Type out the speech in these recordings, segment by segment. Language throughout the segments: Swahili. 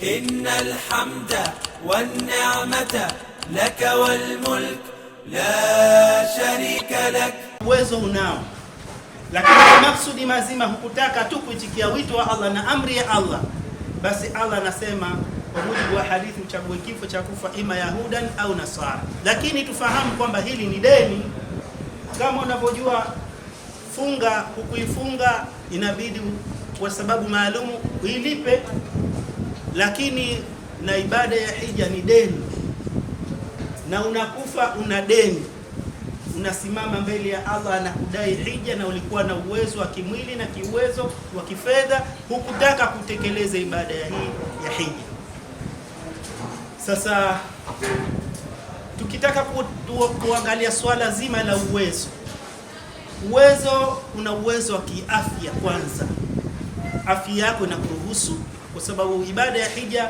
إن الحمد والنعمة لك والملك la sharika lak, uwezo unao, lakini maksudi mazima hukutaka tu kuitikia wito wa Allah na amri ya Allah. Basi Allah anasema kwa mujibu wa hadithi, uchague kifo cha kufa ima yahudan au nasara. Lakini tufahamu kwamba hili ni deni. Kama unavyojua funga, hukuifunga inabidi kwa sababu maalumu ilipe lakini na ibada ya hija ni deni, na unakufa una deni, unasimama mbele ya Allah anakudai hija, na ulikuwa na uwezo wa kimwili na kiuwezo wa kifedha, hukutaka kutekeleza ibada ya hii ya hija. Sasa tukitaka kuangalia swala zima la uwezo, uwezo una uwezo wa kiafya kwanza afya yako inakuruhusu, kwa sababu ibada ya hija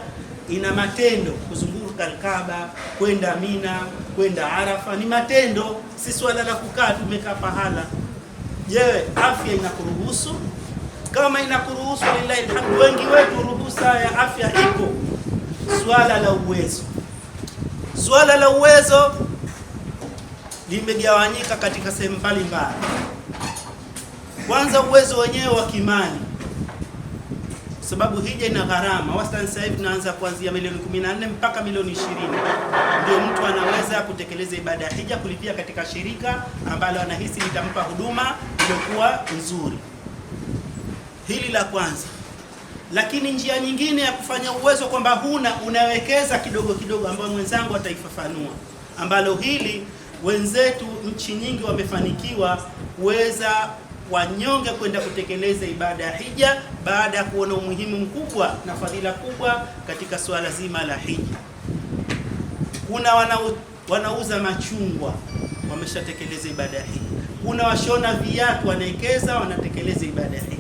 ina matendo. Kuzunguka Kaaba, kwenda Mina, kwenda Arafa ni matendo, si swala la kukaa tumekaa pahala. Je, afya inakuruhusu? Kama inakuruhusu, lillahi alhamdu. Wengi wetu ruhusa ya afya ipo. Swala la uwezo, swala la uwezo limegawanyika katika sehemu mbalimbali. Kwanza uwezo wenyewe wa kimani sababu hija ina gharama wastani. Sasa hivi tunaanza kuanzia milioni 14 mpaka milioni 20, ndio mtu anaweza kutekeleza ibada ya hija, kulipia katika shirika ambalo anahisi litampa huduma iliyokuwa nzuri. Hili la kwanza, lakini njia nyingine ya kufanya uwezo kwamba huna, unawekeza kidogo kidogo, ambayo mwenzangu ataifafanua, ambalo hili wenzetu nchi nyingi wamefanikiwa kuweza wanyonge kwenda kutekeleza ibada ya hija baada ya kuona umuhimu mkubwa na fadhila kubwa katika swala zima la hija. Kuna wanau, wanauza machungwa wameshatekeleza ibada ya hija. Kuna washona viatu wanaekeza, wanatekeleza ibada ya hija.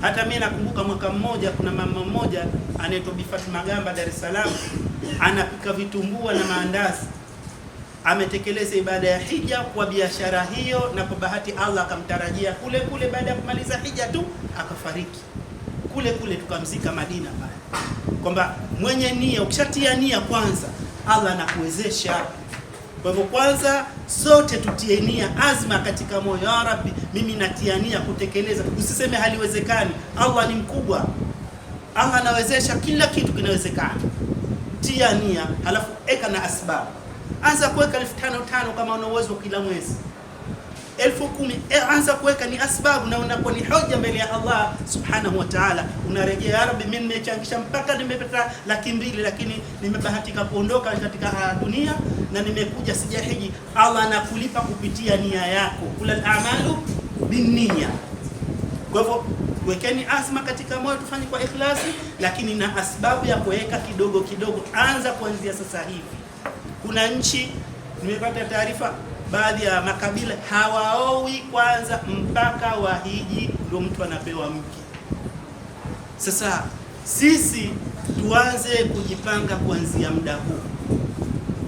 Hata mimi nakumbuka mwaka mmoja, kuna mama mmoja anaitwa Bi Fatma Gamba, Dar es Salaam, anapika vitumbua na maandazi ametekeleza ibada ya hija kwa biashara hiyo, na kwa bahati Allah akamtarajia kule kule baada ya kumaliza hija tu akafariki kule kule, tukamzika Madina pale. Kwamba mwenye nia, ukishatia nia kwanza, Allah anakuwezesha. Kwa hivyo, kwanza sote tutie nia, azma katika moyo, ya Rabbi, mimi natia nia kutekeleza. Usiseme haliwezekani, Allah ni mkubwa, Allah anawezesha kila kitu, kinawezekana. Tia nia, halafu eka na asbabu anza kuweka elfu tano tano kama una uwezo kila mwezi elfu kumi eh, anza kuweka, ni asbabu na unakuwa ni hoja mbele ya Allah subhanahu wa ta'ala. Unarejea, ya Rabbi, mimi nimechangisha mpaka nimepata laki mbili, lakini nimebahatika kuondoka katika ah, dunia na nimekuja sijahiji. Allah anakulipa kupitia nia yako, kula al-amalu binniya. Kwa hivyo wekeni asma katika moyo, tufanye kwa ikhlasi, lakini na asbabu ya kuweka kidogo kidogo. Anza kuanzia sasa hivi. Kuna nchi nimepata taarifa, baadhi ya makabila hawaoi kwanza mpaka wahiji, ndio mtu anapewa mke. Sasa sisi tuanze kujipanga kuanzia muda huu,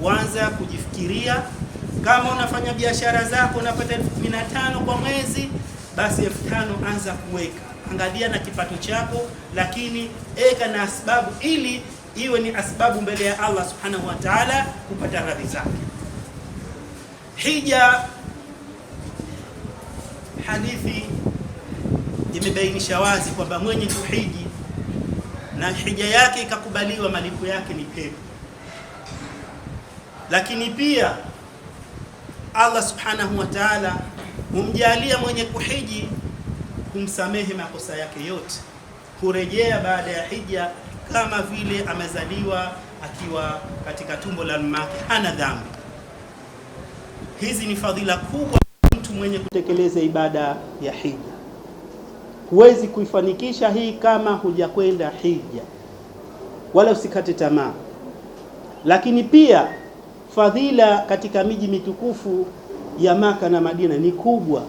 kuanza kujifikiria. Kama unafanya biashara zako unapata elfu kumi na tano kwa mwezi, basi elfu tano anza kuweka, angalia na kipato chako, lakini eka na sababu ili iwe ni asbabu mbele ya Allah subhanahu wa ta'ala kupata radhi zake. Hija hadithi imebainisha wazi kwamba mwenye kuhiji na hija yake ikakubaliwa, malipo yake ni pepo. Lakini pia Allah subhanahu wa ta'ala humjalia mwenye kuhiji kumsamehe makosa yake yote, kurejea baada ya hija kama vile amezaliwa akiwa katika tumbo la mama hana dhambi. Hizi ni fadhila kubwa mtu mwenye kutekeleza ibada ya hija. Huwezi kuifanikisha hii kama hujakwenda hija, wala usikate tamaa. Lakini pia fadhila katika miji mitukufu ya Maka na Madina ni kubwa,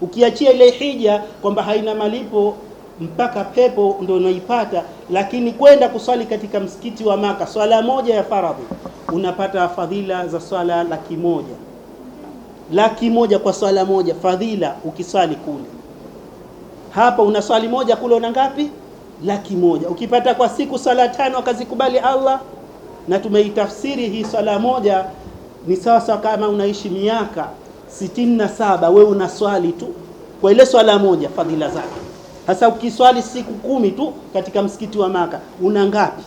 ukiachia ile hija kwamba haina malipo mpaka pepo ndio unaipata, lakini kwenda kuswali katika msikiti wa Maka swala moja ya faradhi unapata fadhila za swala laki moja laki moja kwa swala moja fadhila, ukiswali kule. Hapa una swali moja kule una ngapi? Laki moja. Ukipata kwa siku swala tano akazikubali Allah, na tumeitafsiri hii swala moja ni sawasawa kama unaishi miaka sitini na saba wewe una swali tu kwa ile swala moja, fadhila zake sasa ukiswali siku kumi tu katika msikiti wa Maka una ngapi?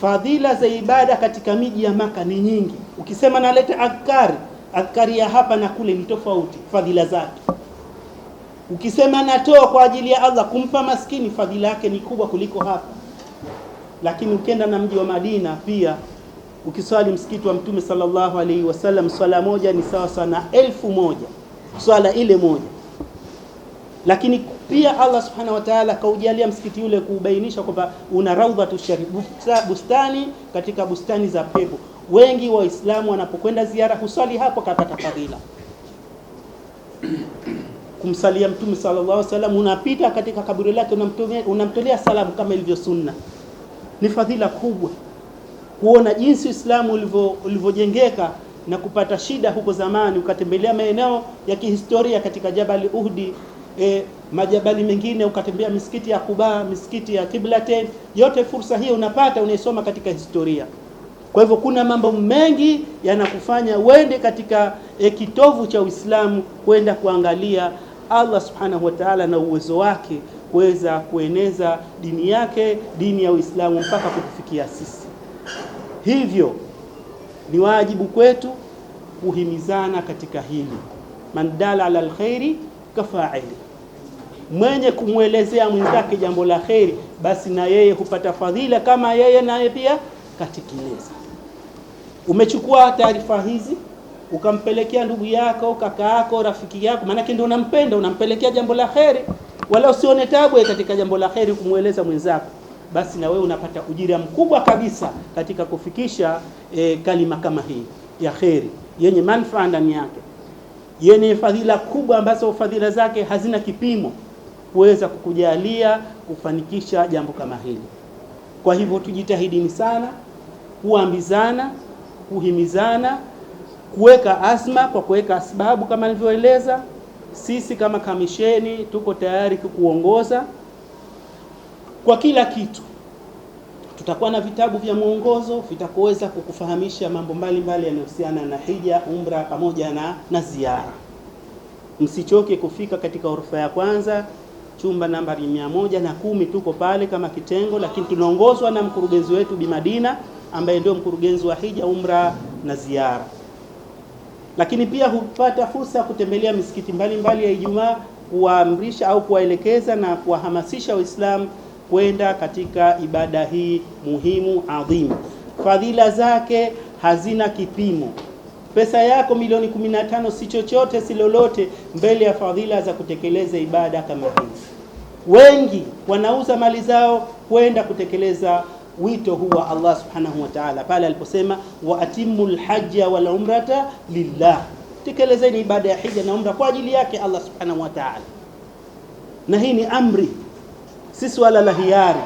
Fadhila za ibada katika miji ya Maka ni nyingi. Ukisema naleta adhkari, adhkari ya hapa na kule ni tofauti, fadhila zake. Ukisema natoa kwa ajili ya Allah kumpa maskini, fadhila yake ni kubwa kuliko hapa. Lakini ukienda na mji wa Madina pia ukiswali msikiti wa Mtume sallallahu alaihi wasallam, swala moja ni sawa sawa na elfu moja swala ile moja lakini pia Allah subhanahu wa ta'ala kaujalia msikiti ule kuubainisha kwamba una raudha bustani katika bustani za pepo. Wengi Waislamu wanapokwenda ziara huswali hapo, kapata fadhila kumsalia Mtume sallallahu alaihi wasallam, unapita katika kaburi lake unamtolea, unamtolea salamu kama ilivyo sunna. Ni fadhila kubwa kuona jinsi Uislamu ulivyojengeka na kupata shida huko zamani, ukatembelea maeneo ya kihistoria katika Jabali Uhdi e, majabali mengine, ukatembea misikiti ya Kuba, misikiti ya Qiblatain, yote fursa hiyo unapata, unaisoma katika historia. Kwa hivyo kuna mambo mengi yanakufanya uende katika e, kitovu cha Uislamu kwenda kuangalia Allah subhanahu wa ta'ala na uwezo wake kuweza kueneza dini yake, dini ya Uislamu mpaka kutufikia sisi. Hivyo ni wajibu kwetu kuhimizana katika hili, man dala ala alkhairi kafaili mwenye kumwelezea mwenzake jambo la kheri, basi na yeye hupata fadhila kama yeye naye pia katekeleza. Umechukua taarifa hizi ukampelekea ndugu yako, kaka yako, rafiki yako, maanake ndio unampenda, unampelekea jambo la kheri, wala usione tabu katika jambo la kheri kumweleza mwenzako, basi na wewe unapata ujira mkubwa kabisa katika kufikisha e, kalima kama hii ya kheri yenye manufaa ndani yake yenye fadhila kubwa ambazo fadhila zake hazina kipimo kuweza kukujalia kufanikisha jambo kama hili. Kwa hivyo tujitahidini sana kuambizana, kuhimizana, kuweka azma kwa kuweka sababu kama nilivyoeleza. Sisi kama kamisheni tuko tayari kukuongoza kwa kila kitu. Tutakuwa na vitabu vya mwongozo vitakuweza kukufahamisha mambo mbalimbali yanayohusiana na hija, umra pamoja na, na ziara. Msichoke kufika katika orofa ya kwanza chumba nambari mia moja na kumi tuko pale kama kitengo, lakini tunaongozwa na mkurugenzi wetu Bi Madina ambaye ndio mkurugenzi wa hija, umra na ziara. Lakini pia hupata fursa ya kutembelea misikiti mbalimbali ya Ijumaa, kuwaamrisha au kuwaelekeza na kuwahamasisha Waislamu kwenda katika ibada hii muhimu adhimu. Fadhila zake hazina kipimo. Pesa yako milioni 15 si chochote, si lolote mbele ya fadhila za kutekeleza ibada kama hizi. Wengi wanauza mali zao kwenda kutekeleza wito huu wa Allah subhanahu wa ta'ala pale aliposema wa atimu lhaja wal umrata lillah, tekelezeni ibada ya hija na umra kwa ajili yake Allah subhanahu wa ta'ala, na hii ni amri, si swala la hiari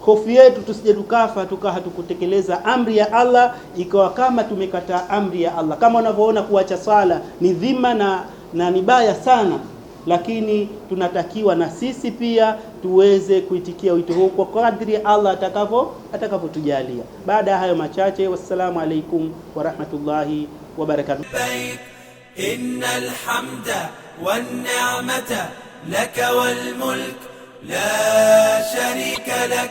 hofu yetu tusije tukafa tukaa hatukutekeleza amri ya Allah, ikawa kama tumekataa amri ya Allah. Kama unavyoona kuacha sala ni dhima na, na ni baya sana, lakini tunatakiwa na sisi pia tuweze kuitikia wito huu kwa kadri Allah atakavyo atakavyotujalia. Baada ya hayo machache, wassalamu alaikum warahmatullahi barakatuh. innal hamda wan ni'mata laka wal mulk la sharika lak